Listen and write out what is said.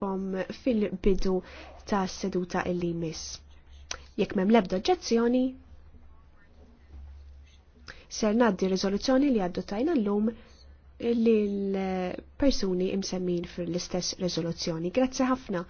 bom fil-bidu ta' seduta illi mis. Jekk mem lebda oġġezzjoni, ser naddi rizoluzzjoni li għaddu tajna l-lum li l-persuni imsemmin fil-istess rizoluzzjoni. Grazzi ħafna.